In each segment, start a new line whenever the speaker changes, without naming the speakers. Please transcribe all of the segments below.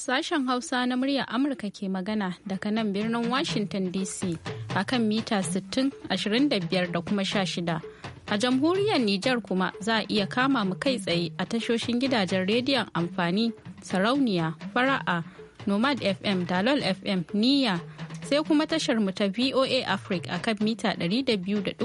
Sashen Hausa na muryar Amurka ke magana daga nan birnin Washington DC a kan mita 60, 25 da kuma shida A jamhuriyar Nijar kuma za a iya kama mu kai tsaye a tashoshin gidajen rediyon amfani, sarauniya, fara'a, Nomad FM, Dalol FM, niya sai kuma tashar mu ta VOA Africa a kan mita 200.5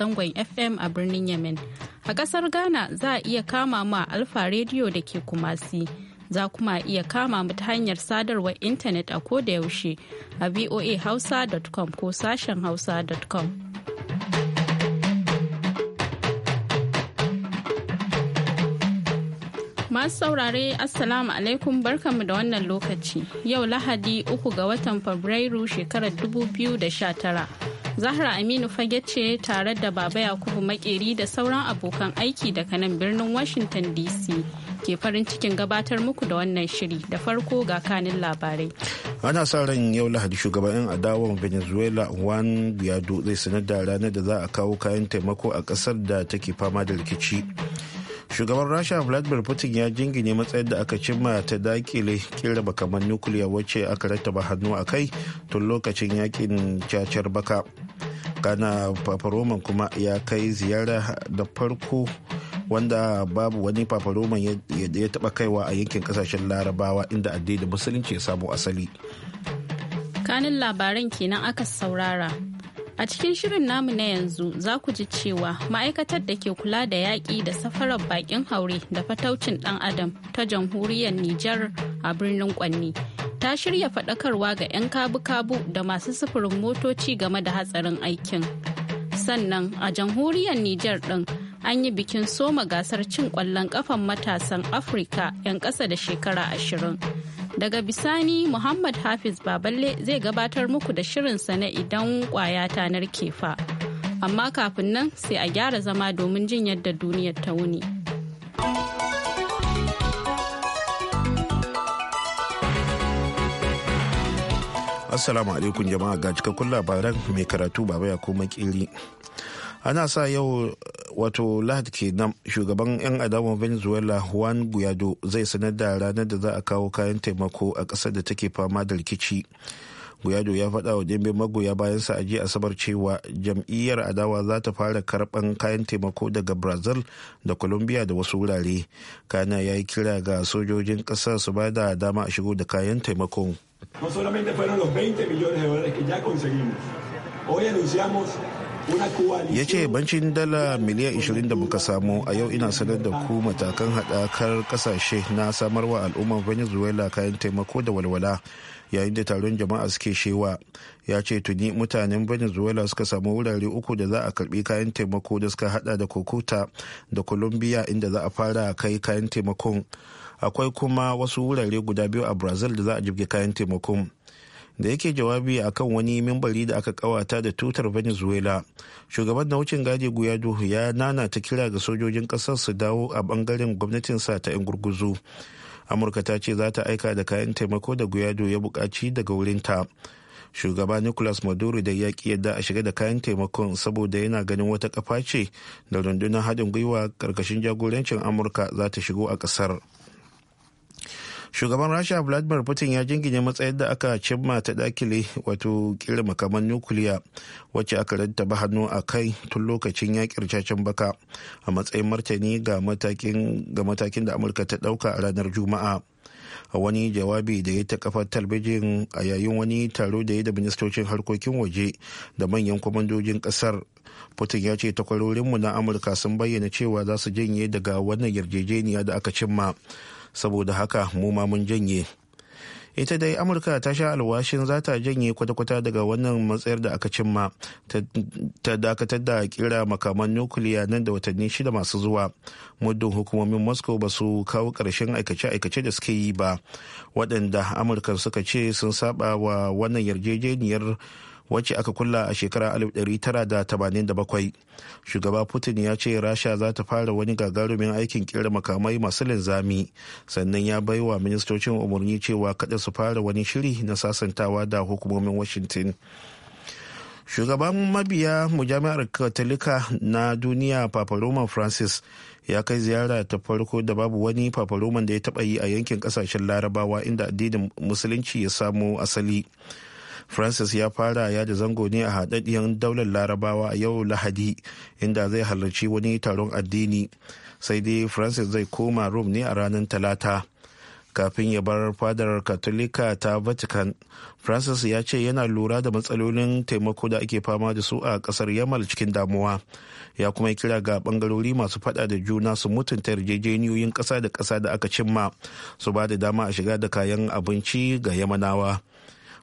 zangon FM a birnin Yemen. A ƙasar Ghana za a iya kama mu a Alfa Radio da ke Kumasi. za kuma iya kama mu ta hanyar sadarwar intanet a kodayaushe a voa voahausa.com ko sashen hausa.com. Masu saurare Assalamu alaikum barkanmu da wannan lokaci. Yau Lahadi uku ga watan Fabrairu shekarar 2019. Zahra Aminu fage ce tare da Baba Yakubu Makeri da sauran abokan aiki daga nan birnin Washington DC. ke farin cikin gabatar muku da wannan shiri da farko ga kanin labarai.
Ana sa ran yau Lahadi shugaban adawan Venezuela Juan Guaido zai sanar da ranar da za a kawo kayan taimako a kasar da take fama da rikici. shugaban rasha vladimir putin ya jingine matsayar da aka cimma ta dakile kira makaman nukiliya wacce aka rattaba hannu a kai tun lokacin yakin cacar baka kana paparoman kuma ya kai ziyara da farko wanda babu wani fafaroman ya taba kaiwa a yankin kasashen larabawa inda
addinin musulunci ya samu asali kanin labaran kenan aka saurara a cikin shirin namu na yanzu za ku ji cewa ma'aikatar da ke kula da yaƙi da safarar baƙin haure da fataucin ɗan adam ta jamhuriyar nijar a birnin kwanni ta shirya faɗakarwa ga 'yan kabu-kabu da masu sufurin motoci game da hatsarin aikin sannan a jamhuriyar Nijar ɗin an yi bikin soma gasar cin kwallon kafan matasan Afirka 'yan ƙasa da shekara ashirin. Daga bisani Muhammad Hafiz Baballe zai gabatar muku da shirinsa na idan kwaya ta narke fa. Amma kafin nan sai a gyara zama domin jin yadda duniyar ta wuni.
Assalamu alaikum jama'a ga cikakkun labaran mai karatu baba ya koma kiri. ana sa yau wato lahad kenan shugaban 'yan adawan venezuela juan guaido zai sanar da ranar da za a kawo kayan taimako a ƙasar da take fama da rikici guaido ya faɗa wa dimbin magoya bayan sa aji asabar cewa jam'iyyar adawa za ta fara karɓan kayan taimako daga brazil da colombia da wasu wurare kana ya yi kira ga sojojin ƙasar su ba da dama a shigo da kayan taimako
no solamente fueron los 20 millones de dólares que ya conseguimos hoy anunciamos ya ce
bancin dala miliyan 20 da muka samu a yau ina sanar da ku matakan haɗakar kasashe na samarwa al'ummar venezuela kayan taimako da walwala yayin da taron jama'a suke shewa ya ce tuni mutanen venezuela suka samu wurare uku da za a karbi kayan taimako da suka hada da kokota da colombia inda za a fara kai kayan taimakon akwai kuma wasu wurare guda biyu a brazil da za a jibge kayan taimakon da yake jawabi a kan wani mimbari da aka kawata da tutar venezuela shugaban na wucin gadi guyado ya nana ta kira ga sojojin kasar su dawo a bangaren sa ta 'yan gurguzu amurka ta ce za ta aika da kayan taimako da guyado ya bukaci daga wurinta shugaba nicolas maduro da ya yadda a shiga da kayan taimakon saboda yana ganin wata kafa ce da rundunar haɗin gwiwa ƙarƙashin jagorancin amurka za ta shigo a ƙasar. shugaban rasha vladimir putin ya jingine matsayar da aka cimma ta dakile wato kira makaman nukiliya wacce aka ranta ba hannu a kai tun lokacin yakin cacin baka a matsayin martani ga matakin da amurka ta dauka a ranar juma'a a wani jawabi da ya ta kafa talbijin a yayin wani taro da ya da ministocin harkokin waje da manyan kwamandojin kasar putin ya ce takwarorinmu na amurka sun bayyana cewa za su janye daga wannan yarjejeniya da aka cimma saboda haka mu ma mun janye ita dai amurka ta sha alwashin za ta janye kwata-kwata daga wannan matsayar da aka cimma ta dakatar da kira makaman nukiliya nan da watanni shida masu zuwa muddin hukumomin moscow ba su kawo ƙarshen aikace-aikace da suke yi ba waɗanda amurka suka ce sun saba wa wannan yarjejeniyar wacce aka kulla a shekara 1987 shugaba putin ya ce rasha za ta fara wani gagarumin aikin kera makamai masu linzami sannan ya bai wa ministocin umarni cewa kada su fara wani shiri na sasantawa da hukumomin washington shugaban mabiya mujami'ar katolika na duniya papa francis ya kai ziyara ta farko da babu wani papa da ya taba yi a yankin kasashen larabawa inda addinin musulunci ya samo asali francis ya fara ya da zango ne a haɗaɗɗiyar daular larabawa a yau lahadi inda zai halarci wani taron addini sai dai francis zai koma rome ne a ranar talata kafin ya bar fadar katolika ta vatican francis ya ce yana lura da matsalolin taimako da ake fama da su a kasar yamal cikin damuwa ya kuma kira ga bangarori masu fada da juna su mutunta yarjejeniyoyin kasa da kasa da aka cimma su ba da dama a shiga da kayan abinci ga yamanawa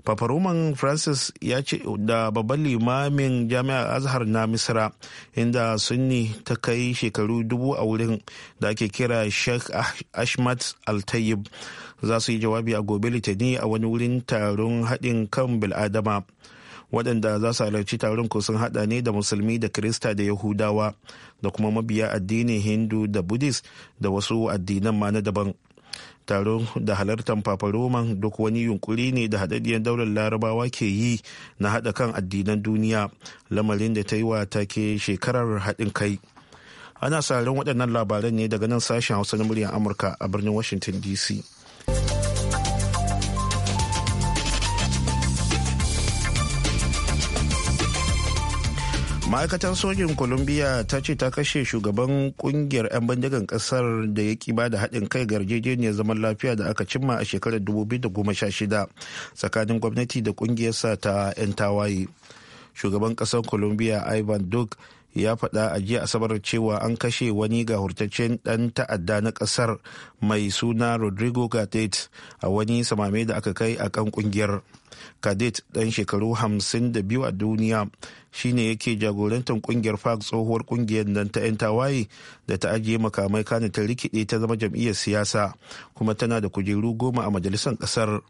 Papa Roman Francis ya ce da babban limamin jami'ar Azhar na Misra inda sunni ta kai shekaru dubu a wurin da ake kira Sheikh Ashmat Al-Tayyib za su yi jawabi a gobe litani a wani wurin taron haɗin kan bil'adama. waɗanda za su halarci taron ko sun haɗa ne da musulmi da kirista da yahudawa da kuma mabiya addinin hindu da buddhist da wasu addinan ma na daban. taro da halartar fafaroman duk wani yunkuri ne da haɗaɗɗiyar daular larabawa ke yi na haɗa kan addinan duniya lamarin da ta yi wa ke shekarar haɗin kai ana sa waɗannan labaran ne daga nan sashen hausa na muryar amurka a birnin washington dc ma'aikatan sojin colombia ta ce ta kashe shugaban kungiyar 'yan bandigan kasar da ya ba da haɗin kai ga yarjejeniyar zaman lafiya da aka cimma a shekarar 2016 tsakanin gwamnati da kungiyarsa ta 'yan tawaye shugaban kasar colombia ivan duke ya faɗa a jiya asabar cewa an kashe wani ga hurtaccen ɗan ta'adda na ƙasar mai suna rodrigo cadet a wani samame da aka kai a kan ƙungiyar cadet ɗan shekaru 52 a duniya shine yake jagorantar ƙungiyar park tsohuwar ƙungiyar nan ta 'yan tawaye da ta ajiye makamai kana ta rikide ta zama jam'iyyar siyasa kuma tana da kujeru goma a majalisar ƙasar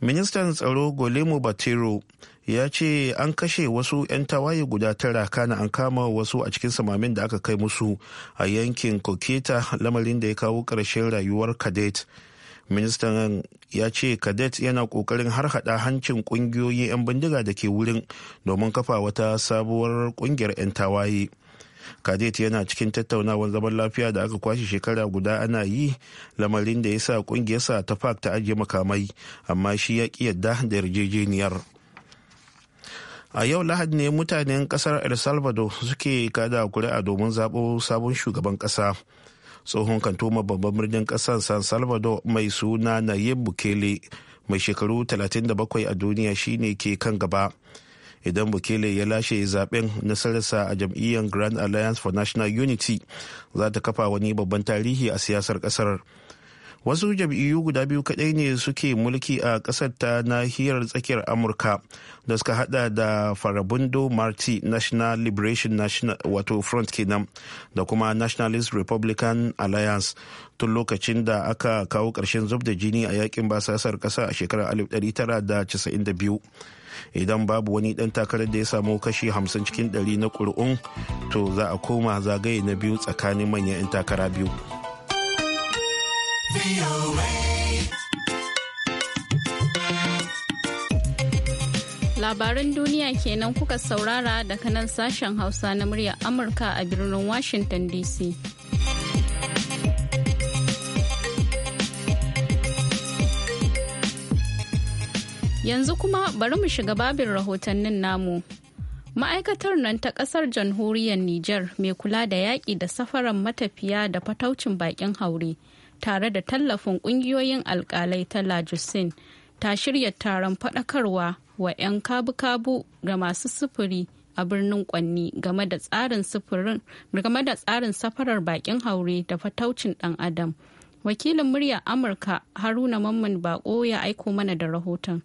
ministan tsaro golemo batero ya ce an kashe wasu 'yan tawaye guda tara kana an kama wasu a cikin samamin da aka kai musu a yankin koketa lamarin da ya kawo ƙarshen rayuwar kadet ministan ya ce kadet yana ƙoƙarin harhaɗa hancin ƙungiyoyin 'yan bindiga da ke wurin domin kafa wata sabuwar ƙungiyar 'yan tawaye kadet yana cikin tattaunawar zaman lafiya da aka kwashe shekara guda ana yi lamarin da ya sa ƙungiyarsa ta fak ta ajiye makamai amma shi ya ƙi yadda da yarjejeniyar a yau lahadi ne mutanen kasar el salvador suke kada kuri'a domin zaɓo sabon shugaban ƙasa tsohon ma babban birnin ƙasar san salvador mai suna nayib bukele mai shekaru 37 a duniya shine ke kan gaba idan bukele ya lashe zaben nasararsa a jam'iyyar grand alliance for national unity za ta kafa wani babban tarihi a siyasar kasar wasu jam'iyyu guda biyu kadai ne suke mulki a kasar ta nahiyar tsakiyar amurka da suka hada da farabundo marti national liberation national wato front kenan da kuma nationalist republican alliance tun lokacin da aka kawo ƙarshen zub da jini a yakin basasar kasa a shekarar 1992 idan babu wani dan takarar da ya samu kashi 50 cikin 100 na ƙuri'un to za a koma zagaye na biyu tsakanin manyan 'yan takara biyu.
Labaran duniya kenan kuka saurara daga nan sashen Hausa na muryar Amurka a birnin Washington DC. Yanzu kuma bari mu shiga babin rahotannin namu. Ma'aikatar nan ta ƙasar jamhuriyar Nijar mai kula da yaƙi da safaran matafiya da fataucin baƙin haure. tare da tallafin kungiyoyin alkalai ta lajusin ta shirya taron faɗakarwa wa 'yan kabu-kabu da masu sufuri a birnin kwanni game da tsarin safarar bakin haure da fataucin ɗan adam wakilin murya amurka haruna mamman bako ya aiko mana da rahoton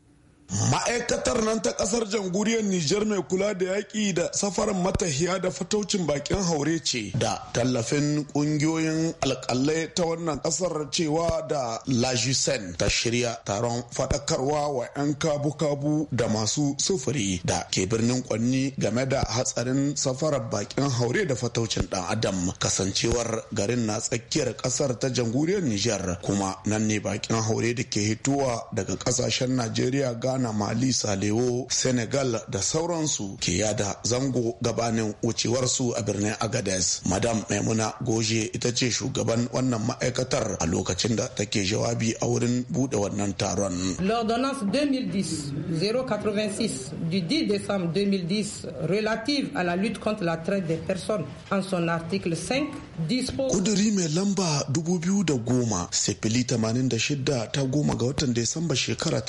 ma'aikatar nan ta kasar jamhuriyar nijar mai kula da yaƙi da safarin matahiya da fataucin bakin haure ce da tallafin ƙungiyoyin alƙalai ta wannan ƙasar cewa da lajisen ta shirya taron faɗakarwa wa 'yan kabu-kabu da masu sufuri da ke birnin kwanni game da hatsarin safarar bakin haure da fataucin ɗan adam kasancewar garin na tsakiyar ƙasar ta jamhuriyar nijar kuma nan ne bakin haure da ke hitowa daga ƙasashen najeriya ghana ghana mali salewo senegal da sauransu ke yada zango gabanin wucewarsu a birnin agadez madam maimuna goje ita ce shugaban wannan ma'aikatar a lokacin da take jawabi a wurin bude wannan taron
l'ordonnance 2010-086 du 10 décembre 2010 relative à la lutte contre la traite des personnes en son article 5 Kuduri
mai lamba 2010 sifili 86 ta goma ga watan Desamba shekara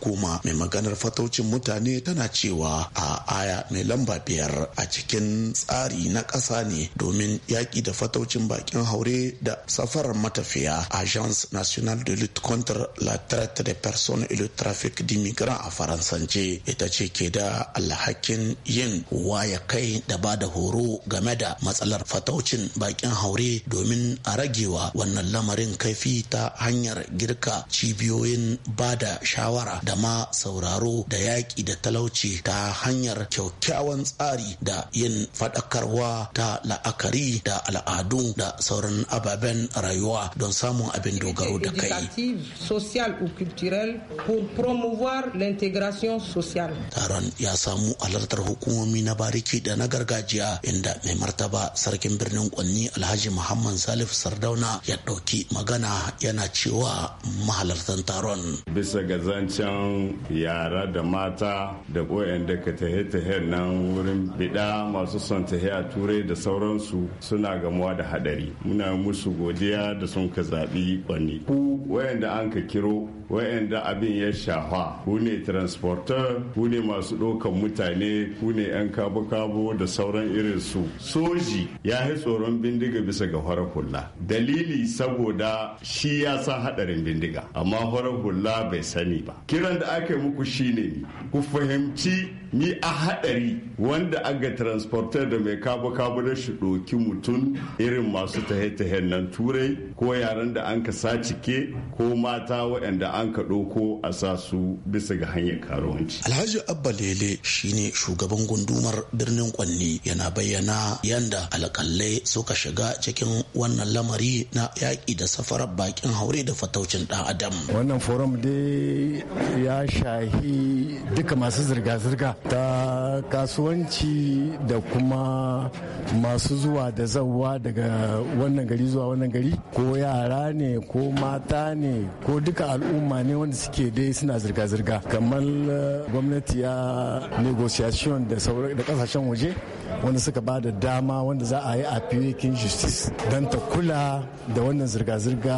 goma mai maganar fataucin mutane tana cewa a aya mai lamba biyar a cikin tsari na ƙasa ne domin yaƙi da fataucin bakin haure da safarar matafiya Agence Nationale de Lutte contre la Traite des Personnes et le Trafic d'Immigrants a Faransance ita ce ke da alhakin yin waya kai da ba da horo game da matsalar fataucin bakin haure domin a ragewa wannan lamarin kaifi ta hanyar girka cibiyoyin ba da shawara da ma sauraro da yaƙi da talauci ta hanyar kyaukyawan tsari da yin faɗakarwa ta la'akari da al'adu da sauran ababen rayuwa don samun abin dogaro da kai. Taron ya samu alartar hukumomi na bariki da na gargajiya inda mai martaba sarkin birnin Kwanni al alhaji muhammad salif sardauna ya ɗauki magana yana cewa mahalartan taron bisa ga zancen yara da mata da da ka tahe-tahe nan wurin biɗa masu son tahe a turai da sauransu suna gamuwa da haɗari muna musu godiya da sun ka zaɓi kwanni ku wayanda an ka kiro wayanda abin ya shafa ku ne transporter ku ne masu ɗaukan mutane ku ne 'yan kabo-kabo da sauran irin su soji ya yi tsoron bindiga bindiga bisa ga horar hula dalili saboda shi ya sa hadarin bindiga amma horar hula bai sani ba kiran da aka muku shine ne ku fahimci ni a hadari wanda aga transporter da mai kabu kabu da shi ɗoki mutum irin masu tahe-tahe nan turai ko yaran da an ka sacike ko mata waɗanda an ka ɗoko a sa su bisa ga hanyar karuwanci. Alhaji Abba Lele shine shugaban gundumar birnin Kwanni yana bayyana yanda alƙalai suka shiga shiga cikin wannan lamari na yaƙi da safarar bakin haure da fataucin ɗan adam wannan forum dai ya shahi duka masu zirga-zirga ta kasuwanci da kuma masu zuwa da zawa daga wannan gari zuwa wannan gari ko yara ne ko mata ne ko duka al'umma ne wanda suke dai suna zirga-zirga kamar eh, gwamnati ya negotiation da kasashen waje wanda suka ba da dama wanda za a yi a fiye justice don ta kula da wannan zirga-zirga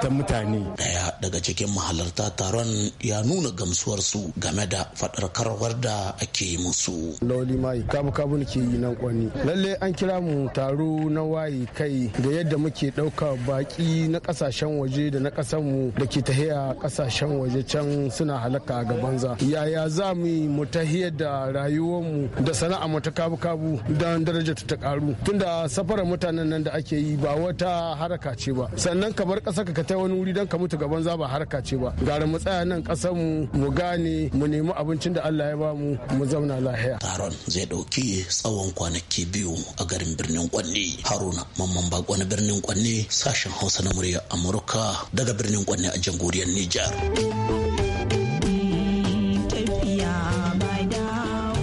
ta mutane daya daga cikin mahalarta taron ya nuna gamsuwarsu game game da karwar da ake musu. Lauli mai kamu kamu ke yi nan kwani. Lalle an kira mu taro na waye kai da yadda muke ɗauka baki na ƙasashen waje da na ƙasar mu da ke tahiya ƙasashen waje can suna halaka ga banza. Yaya za mu yi mu tahiya da rayuwar mu da sana'a mu ta kabu kabu don daraja ta karu. Tunda safarar mutanen nan da ake yi ba wata haraka ce ba. Sannan kamar ƙasar ka ta wani wuri don ka mutu ga banza ba haraka ce ba. Gara mu tsaya nan ƙasar mu mu gane mu nemi abincin da Allah ya ba mu mu zauna lahiya. Taron zai ɗauki tsawon kwanaki biyu a garin birnin Kwanne. Haruna Mamman baƙo na birnin Kwanne sashen Hausa na murya Amurka daga birnin Kwanne a jamhuriyar Nijar.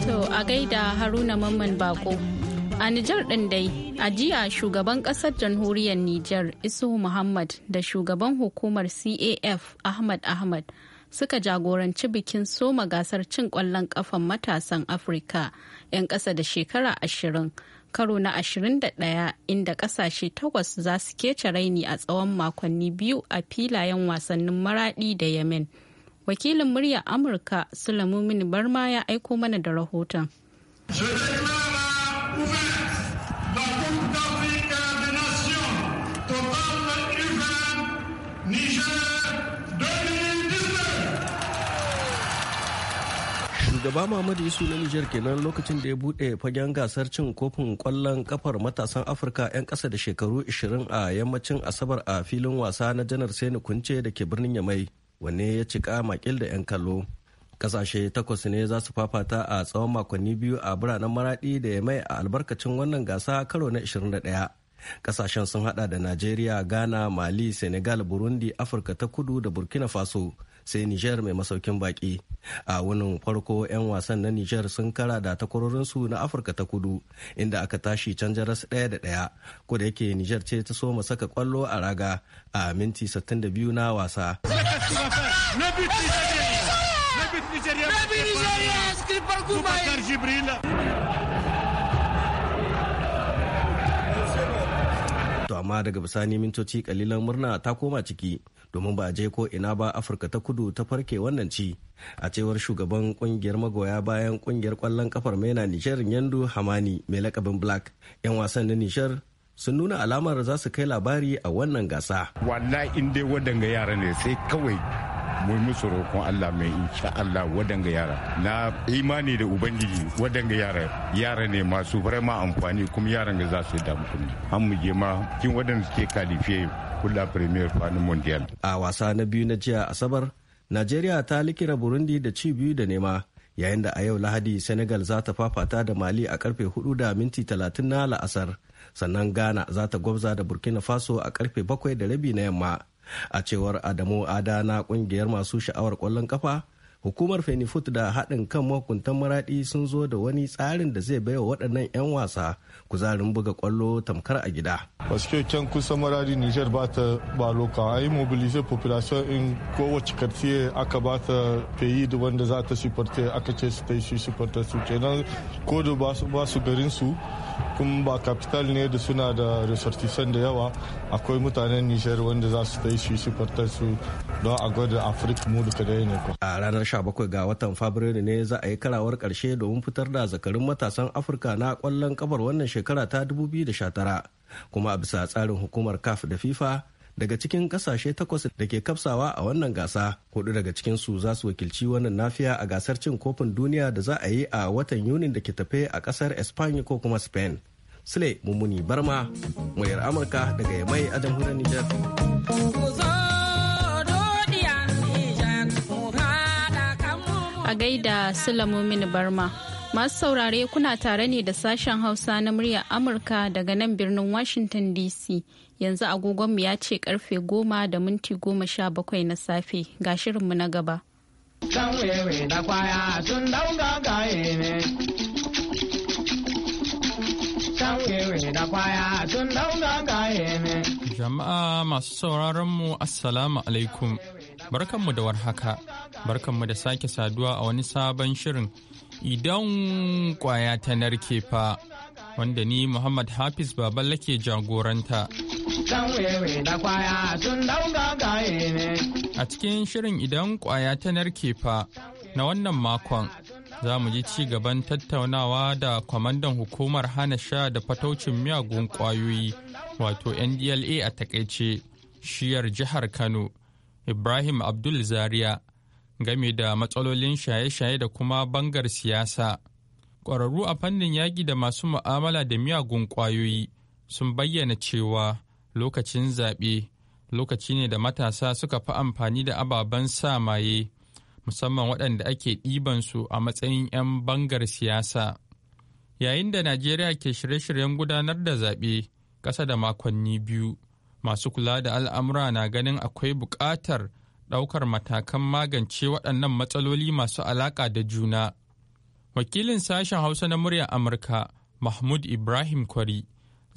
To a gaida Haruna Mamman Bako. A Nijar ɗin dai, a jiya shugaban ƙasar jamhuriyar Nijar Isu Muhammad da shugaban hukumar CAF Ahmad Ahmad suka jagoranci bikin soma gasar cin ƙwallon ƙafan matasan Afirka 'yan ƙasa da shekara ashirin. karo na ashirin da 21 inda ƙasashe takwas za su kece raini a tsawon makonni biyu a filayen wasannin maradi da yemen wakilin muryar amurka sulamumin barma ya aiko mana da rahoton
shugaba Muhammadu Isu na Nijar kenan lokacin da ya bude fagen gasar cin kofin kwallon kafar matasan Afirka 'yan ƙasa da shekaru 20 a yammacin Asabar a filin wasa na Janar Sani Kunce da ke birnin Yamai, wanne ya cika makil da 'yan kallo. Kasashe takwas ne za su fafata a tsawon makonni biyu a biranen Maraɗi da Yamai a albarkacin wannan gasa karo na 21. Kasashen sun hada da Najeriya, Ghana, Mali, Senegal, Burundi, Afirka ta Kudu da Burkina Faso. sai Nijar mai masaukin baki. A wunin farko 'yan wasan na Nijar sun kara da takwarorinsu na Afirka ta kudu inda aka tashi can jaras ɗaya da ɗaya. Ko da yake Nijar ce ta soma saka kwallo a raga a minti 62 na wasa. To amma daga bisani mintoci kalilan murna ta koma ciki domin ba je ko ina ba afirka ta kudu ta farke wannan ci a cewar shugaban kungiyar magoya bayan kungiyar kwallon kafar mena nishar yandu hamani mai lakabin black yan wasan na nishar sun nuna alamar za su kai labari a wannan gasa wallahi in dai wadanga yara ne sai kawai mu musu roƙon Allah mai insha Allah wadanga yara na imani da ubangiji wadanga yara yara ne masu ma amfani kuma yaran ga za su da mutum an mu je ma kin wadanda suke kalifiye kula premier fanin mondial a wasa na biyu na jiya asabar Najeriya ta likira Burundi da ci biyu da nema yayin da a yau lahadi senegal za ta fafata da mali a karfe 4 da minti 30 na la'asar sannan ghana za ta gwabza da burkina faso a karfe 7 da rabi na yamma a cewar adamu ada na kungiyar masu sha'awar kwallon kafa hukumar fenifut da haɗin kan mahukuntan maraɗi sun zo da wani tsarin da zai baiwa waɗannan 'yan wasa kuzarin buga kwallo tamkar a gida wasu
kusa maradi niger ba ta ba loka a yi mobilize population in kowace kartiye aka ba ta peyi da wanda za ta supporte aka ce su ta yi su supporte su kenan ko
da ba su garin su kuma ba capital ne da suna da resortisan da yawa
akwai mutanen nijar wanda za su ta yi su yi su don a gwada afirka mu duka da ne a ranar 17 ga watan fabrairu ne za a yi karawar karshe domin fitar da zakarun matasan afirka na kwallon kabar wannan shekara ta 2019 kuma a bisa tsarin hukumar caf da fifa daga cikin kasashe takwas da ke kafsawa a wannan gasa hudu daga su za su wakilci wannan nafiya a gasar cin kofin duniya da za a yi a watan yuni da ke tafe a kasar espanya ko kuma spain sule mummuni barma muryar amurka daga yamai a jamhuriyar niger
a gaida sule mummuni barma Masu saurare kuna tare ne da sashen Hausa na muryar Amurka daga nan birnin Washington DC. Yanzu agogonmu ya ce karfe goma da minti goma sha bakwai na safe ga shirinmu na
gaba.
Jama'a masu sauraronmu Assalamu alaikum. Barkanmu da warhaka, barkanmu da sake saduwa a wani sabon shirin idan kwaya ta narke fa wanda ni Muhammad Hafiz Baballa ke jagoranta. A cikin shirin idan kwaya ta narke fa na wannan makon za mu ji ci gaban tattaunawa da kwamandan hukumar hana sha da fataucin miyagun kwayoyi wato NDLA a takaice shiyar jihar Kano Ibrahim Abdul Zaria game da matsalolin shaye-shaye da kuma bangar siyasa. Ƙwararru a fannin yaƙi da masu mu'amala da miyagun ƙwayoyi sun bayyana cewa lokacin zaɓe lokaci ne da matasa suka fi amfani da ababen sa maye musamman waɗanda ake ɗibansu a matsayin 'yan bangar siyasa. Yayin da Najeriya ke shirye-shiryen gudanar da zaɓe ƙasa da makonni biyu, masu kula da al'amura na ganin akwai buƙatar ɗaukar matakan magance waɗannan matsaloli masu alaƙa da juna. Wakilin sashen Hausa na muryar Amurka, Mahmud Ibrahim Kwari,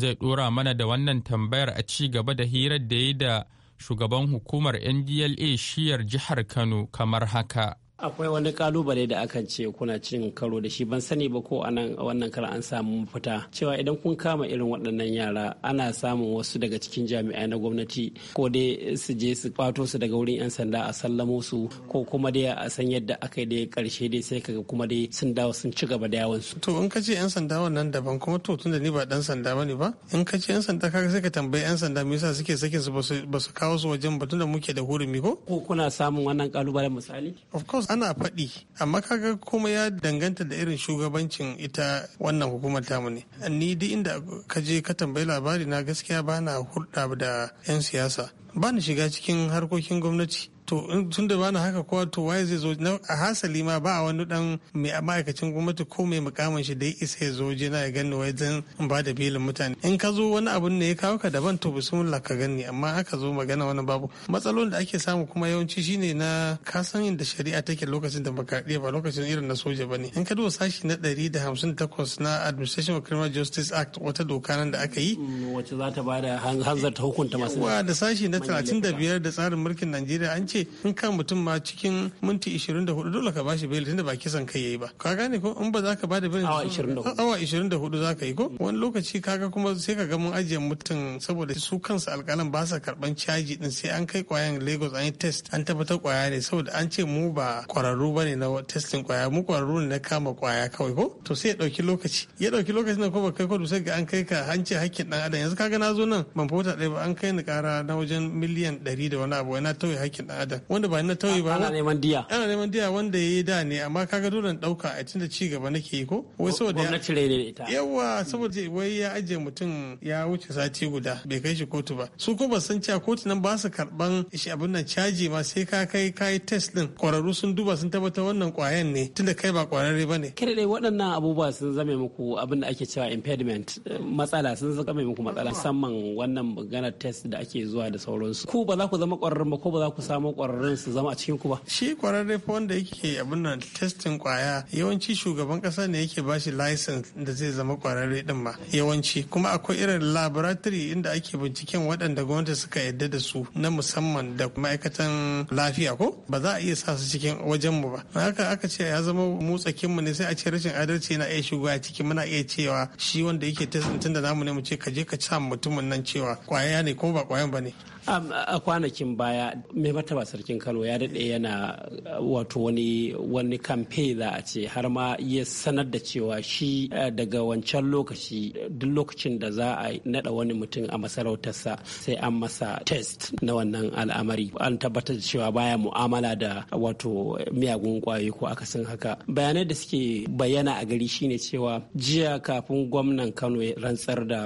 zai ɗora mana da wannan tambayar a ci gaba da hirar da ya da shugaban hukumar NDLA shiyar jihar Kano kamar haka.
akwai wani kalubale da akan ce kuna cin karo da shi ban sani ba ko anan wannan kar an samu mafita cewa idan kun kama irin waɗannan yara ana samun wasu daga cikin jami'ai na gwamnati ko dai su je su kwato su daga wurin 'yan sanda a sallamo su ko
kuma dai a san yadda aka yi dai karshe dai sai kaga kuma dai sun dawo sun ci gaba da yawon su to in ka ce 'yan sanda wannan daban kuma to tunda ni ba dan sanda bane ba in ka ce 'yan sanda kaga sai ka tambayi 'yan sanda me yasa suke sakin su ba su kawo su wajen ba tunda muke da hurumi ko ko kuna samun wannan kalubalen misali of course ana faɗi amma kaga kuma ya danganta da irin shugabancin ita wannan hukumar tamu ne ni duk inda ka je ka tambayi labari na gaskiya bana hulɗa da 'yan siyasa bani shiga cikin harkokin gwamnati to tun da bani haka kowa to waye zai zo a hasali ma ba wani dan mai ma'aikacin gwamnati ko mai mukamin shi da ya isa ya zo na ya gani wai zan ba da bilin mutane in ka zo wani abun ne ya kawo ka daban to bismillah ka gani amma haka zo magana wani babu matsalolin da ake samu kuma yawanci shine na ka san yadda shari'a take lokacin demokradiyya ba lokacin irin na soja bane in ka duba sashi na 158 na administration of criminal justice act wata doka nan da aka yi wacce za ta bada hanzarta hukunta masu da sashi na 35 da tsarin mulkin Najeriya an ce in ka mutum ma cikin minti 24 dole ka bashi beli tunda ba kisan kai yayi ba ka gane ko in ba za ka bada beli awa 24 awa 24 za ka yi ko wani lokaci kaga kuma sai ka ga mun ajiye mutum saboda su kansu alƙalan ba sa karban caji din sai an kai kwayan Lagos an yi test an tabbatar kwaya ne saboda an ce mu ba kwararru bane na testin kwaya mu kwararru ne na kama kwaya kawai ko to sai ya dauki lokaci ya dauki lokaci na ko ba kai ko sai ga an kai ka hanci hakkin dan adam yanzu kaga na zo nan ban fota ɗaya ba an kai ni kara na wajen miliyan 100 da wani abu yana tauye hakkin dan adam da wanda ba na tauye ba ana neman diya ana neman diya wanda yayi da ne amma kaga dole dauka a tunda ci gaba nake yi ko wai saboda gwamnati rene da ita yawa saboda wai ya aje mutum ya wuce sati guda bai kai shi kotu ba su ko ba san cewa kotu nan ba su karban shi abin nan caji ma sai ka kai kai test din kwararru sun duba sun tabbatar wannan kwayan ne tunda kai ba kwararre bane kada dai waɗannan abubuwa sun zame
muku abin da ake cewa impediment eh, matsala sun zame muku matsala musamman wannan maganar
test da ake zuwa da sauransu ku ba za ku zama kwararren ba ko ba za ku samu kwararren su zama a cikin ku ba shi kwararre fa wanda yake abin nan testin kwaya yawanci shugaban kasa ne yake bashi license da zai zama kwararre din ba yawanci kuma akwai irin laboratory inda ake binciken waɗanda gwamnati suka yadda da su na musamman da ma'aikatan lafiya ko ba za a iya sa su cikin wajen mu ba haka aka ce ya zama mu tsakin mu ne sai a ce rashin adalci na iya shigowa ciki muna iya cewa shi wanda yake testin tunda namu ne mu ce ka je ka sa mutumin nan cewa kwaya ne ko ba kwayan ba ne
Um, a kwanakin baya mai mataba sarkin kano ya daɗe yana uh, wato wani wani kamfe za a ce har ma ya sanar da cewa shi uh, daga wancan lokaci duk lokacin da za a naɗa wani mutum a masarautarsa sai an masa test na wannan al'amari an tabbatar da cewa baya mu'amala da wato miyagun kwayoyi ko akasin haka bayanai da suke bayyana a gari shine cewa
jiya kafin gwamnan kano ya rantsar da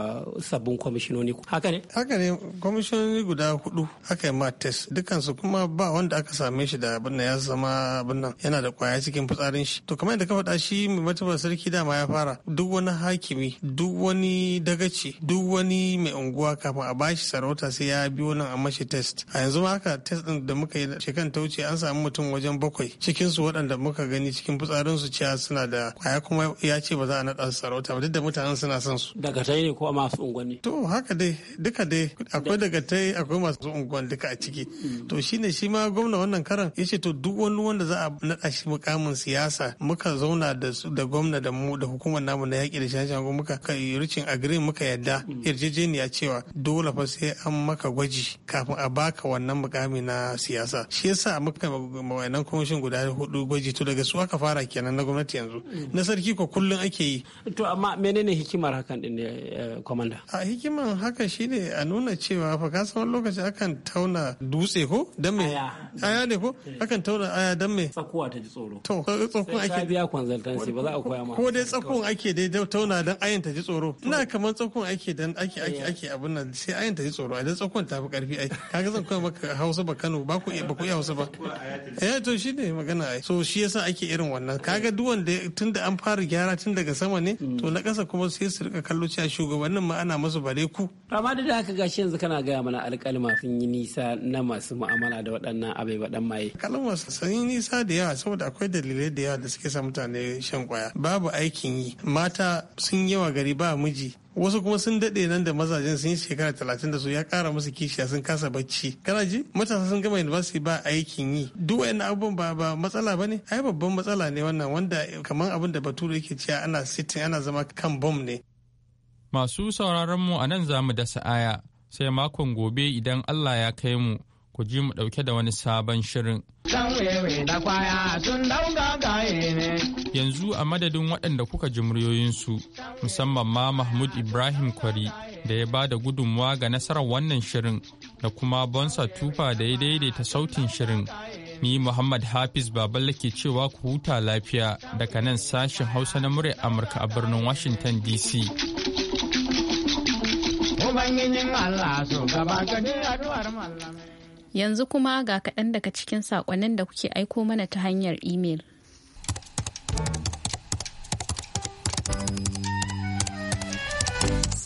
sabbin kwamishinoni haka ne haka ne kwamishinoni guda guda hudu aka yi ma test dukansu kuma ba wanda aka same shi da abin ya zama abin nan yana da kwaya cikin fitsarin shi to kamar yadda ka faɗa shi mai mutuwa sarki dama ya fara duk wani hakimi duk wani dagaci duk wani mai unguwa kafin a bashi sarauta sai ya biyo nan a mashi test a yanzu ma haka test din da muka yi shekan ta wuce an samu mutum wajen bakwai cikin su waɗanda muka gani cikin fitsarin su cewa suna da kwaya kuma ya ce ba za a naɗa sarauta ba duk da mutanen suna son su daga dagatai ne ko a masu unguwanni to haka dai duka dai akwai dagatai akwai akwai masu unguwan duka a ciki to shine shi ma gwamna wannan karan ya ce to duk wani wanda za a naɗa shi mukamin siyasa muka zauna da da gwamna da mu da hukumar namu na yaƙi da shashen ko muka kai yurcin agree muka yadda yarjejeniya cewa dole fa sai an maka gwaji kafin a baka wannan mukami na siyasa shi yasa muka mawayanan kwamishin guda hudu gwaji to daga su aka fara kenan na gwamnati yanzu na sarki ko kullum ake yi to amma menene hikimar hakan din ne eh, komanda eh, a hikiman haka shine a nuna cewa fa ka san lokaci akan tauna dutse ko dan me aya ne ko eh. akan tauna aya dan me tsakuwa ta ji
tsoro to eh, eh, tsakuwa ake biya consultancy ba za a koya ma ko
dai tsakuwa ake dai tauna dan ayin ta ji tsoro ina kamar tsakuwa ake dan ake ake ake abun nan sai ayin ta ji tsoro a dan tsakuwa ta fi karfi ai kaga zan koya maka Hausa ba Kano ba ku ba ku iya Hausa ba eh to shine magana ai so shi yasa ake irin wannan kaga duwan da tunda an fara gyara tun daga sama ne mm. to na kasa kuma sai su rika kallo cewa shugabannin ma ana masu bare ku
amma da haka gashi yanzu kana gaya mana alƙali. kalma sun yi nisa na masu mu'amala da waɗannan abai baɗan maye
kalma sun yi nisa da yawa saboda akwai dalilai da yawa da suke sa mutane shan kwaya babu aikin yi mata sun yawa gari ba miji wasu kuma sun daɗe nan da mazajen sun yi shekara talatin da su ya ƙara musu kishiya sun kasa bacci kana ji matasa sun gama university ba aikin yi duk wani abubuwan ba ba matsala ba ne ai babban matsala ne wannan wanda kamar abin da bature yake cewa ana sitting ana zama kan bom ne
masu sauraron mu a nan zamu mu dasa aya sai makon gobe idan Allah ya kai mu ku ji mu ɗauke da wani sabon shirin. Yanzu a madadin waɗanda kuka ji muryoyinsu musamman ma Mahmud Ibrahim Kwari da ya ba da gudunmuwa ga nasarar wannan shirin da kuma Bonsa Tufa da ya daidaita sautin shirin. Ni Muhammad Hafiz Baballa ke cewa ku huta lafiya daga nan sashen Hausa na murya Amurka a birnin Washington DC. Ubangijin
Yanzu kuma ga kaɗan daga cikin saƙonin da kuke aiko mana ta hanyar imel.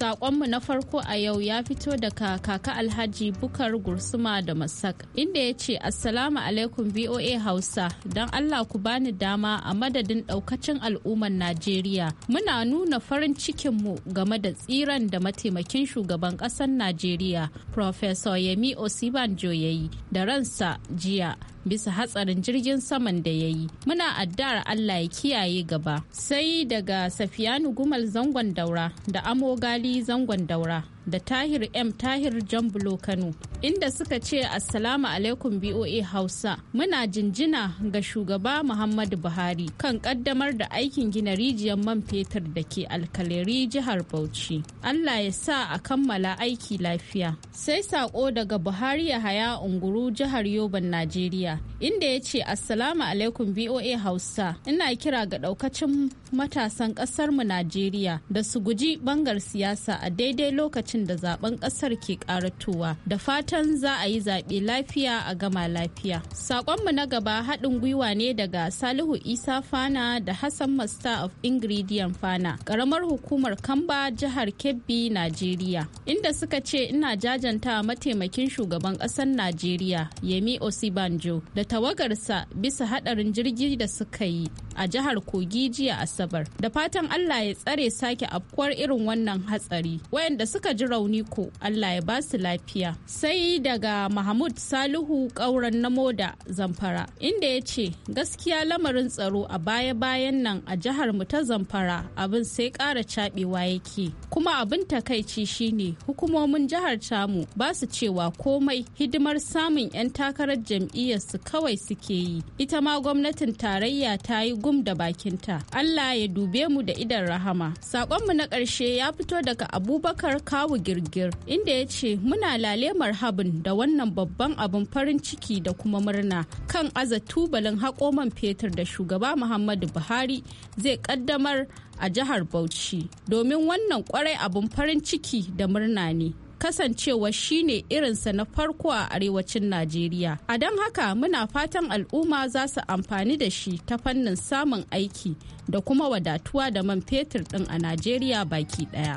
Sakonmu na farko a yau ya fito daga kaka Alhaji Bukar Gursuma da Masak, inda ya ce Assalamu alaikum VOA Hausa, don Allah ku bani dama a madadin daukacin al'ummar Najeriya. Muna nuna farin cikinmu game da tsiran da mataimakin shugaban ƙasar Najeriya, Professor Yemi Osibanjo yayi da ransa jiya bisa hatsarin jirgin saman da ya yi muna addar allah ya kiyaye gaba sai daga safiyanu gumal zangon daura da amogali zangon daura da Tahir M Tahir Jambulo Kano inda suka ce Assalamu alaikum BOA Hausa muna jinjina ga shugaba Muhammadu Buhari kan kaddamar da aikin gina rijiyar man fetur da ke alkaleri jihar Bauchi. Allah ya sa a kammala aiki lafiya. Sai sako daga Buhari ya haya unguru jihar Yoban Najeriya inda ya ce Assalamu alaikum BOA Hausa ina kira ga daukacin matasan ƙasarmu Najeriya da su guji bangar siyasa a daidai lokacin da zaben ƙasar ke ƙaratowa, Da fatan za a yi zaɓe lafiya a gama lafiya. Saƙonmu na gaba haɗin gwiwa ne daga Salihu Isa Fana da Hassan Master of Ingredient Fana, ƙaramar hukumar Kamba jihar Kebbi, Najeriya. Inda suka ce ina jajanta mataimakin shugaban ƙasar Najeriya, Yemi Osibanjo, da tawagarsa bisa haɗarin jirgi da suka yi a jihar Kogi jiya a asabar da fatan allah ya tsare sake afkuwar irin wannan hatsari wayanda suka ji rauni ko allah ya basu lafiya sai daga mahmud salihu ƙauren namo da zamfara inda ya ce gaskiya lamarin tsaro a baya-bayan nan a jihar mu ta zamfara abin sai ƙara caɓewa yake kuma abin takaici shine hukumomin jihar tamu ba su cewa komai hidimar samun 'yan takarar jam'iyyar su kawai suke yi ita ma gwamnatin tarayya ta yi gum da bakinta allah Allah ya dube mu da idan rahama. Sakonmu na ƙarshe ya fito daga Abubakar Kawu Girgir inda ya ce muna lale marhabin da wannan babban abin farin ciki da kuma murna kan aza tubalin haƙoman fetur da shugaba Muhammadu Buhari zai ƙaddamar a jihar Bauchi domin wannan kwarai abin farin ciki da murna ne. kasancewa shine irinsa na farko a arewacin Najeriya. A don haka muna fatan al'umma za su amfani da shi ta fannin samun aiki da kuma wadatuwa da man fetur ɗin a Najeriya baki ɗaya.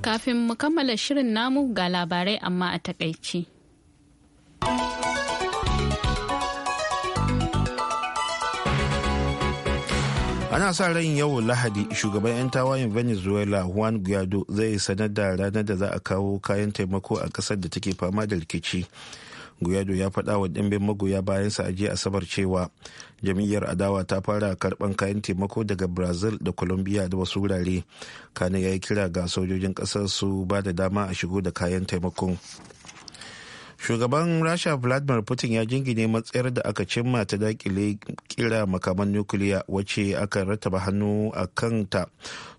Kafin mu kammala shirin namu ga labarai amma a takaici.
ana sa ran yau lahadi shugaban 'yan tawayen venezuela juan guaido zai sanar da ranar da za a kawo kayan taimako a kasar da take fama da rikici guaido ya faɗa wa ɗimbin magoya bayansa a jiya asabar cewa jam'iyyar adawa ta fara karɓan kayan taimako daga brazil da colombia da wasu wurare kane ya yi kira ga sojojin ƙasar su ba da dama a shigo da kayan taimakon shugaban rasha vladimir putin ya jingine matsayar da aka cimma ta dakile kira makaman nukiliya wacce aka rattaba hannu a kanta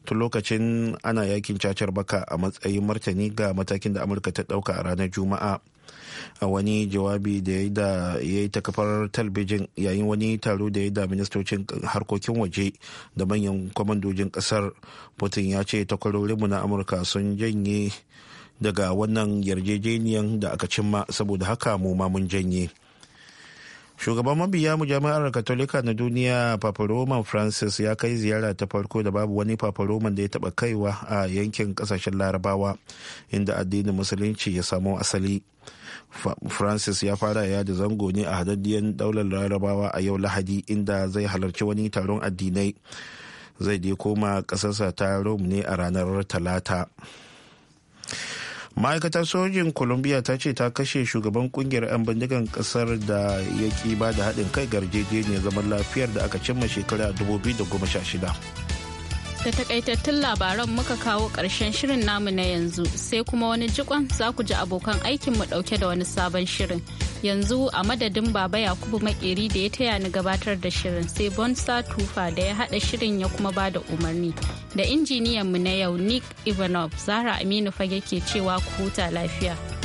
tun lokacin ana yakin cacar baka a matsayin martani ga matakin da amurka ta dauka a ranar juma'a a wani jawabi da ya yi ta kafar talbijin yayin wani taro da ya da ministocin harkokin waje da manyan kwamandojin kasar putin ya ce takwarorinmu na amurka sun janye daga wannan yarjejeniyan da aka cimma saboda haka mu ma mun janye shugaban mabiya mu jami'ar katolika na duniya roman francis ya kai ziyara ta farko da babu wani paparoman da ya taba kaiwa a yankin kasashen larabawa inda addinin musulunci ya samo asali francis ya fara ya da zango ne a hadaddiyar daular larabawa a yau lahadi inda zai halarci wani taron addinai zai dai koma kasarsa ta rome ne a ranar talata ma'aikatar sojin kolumbiya ta ce ta kashe shugaban kungiyar 'yan bindigan kasar da ya ki ba da haɗin kai garjejeniyar zaman lafiyar da aka cimma shekara 2016 da
takaitattun labaran muka kawo karshen shirin namu na yanzu sai kuma wani jikon za ku ji abokan aikinmu ɗauke da wani sabon shirin. yanzu a madadin baba yakubu makeri da ya taya ni gabatar da shirin sai bonsa tufa da ya hada shirin ya kuma ba da umarni da injiniyan mu na yau nick ivanov zara aminu fage ke cewa ku huta lafiya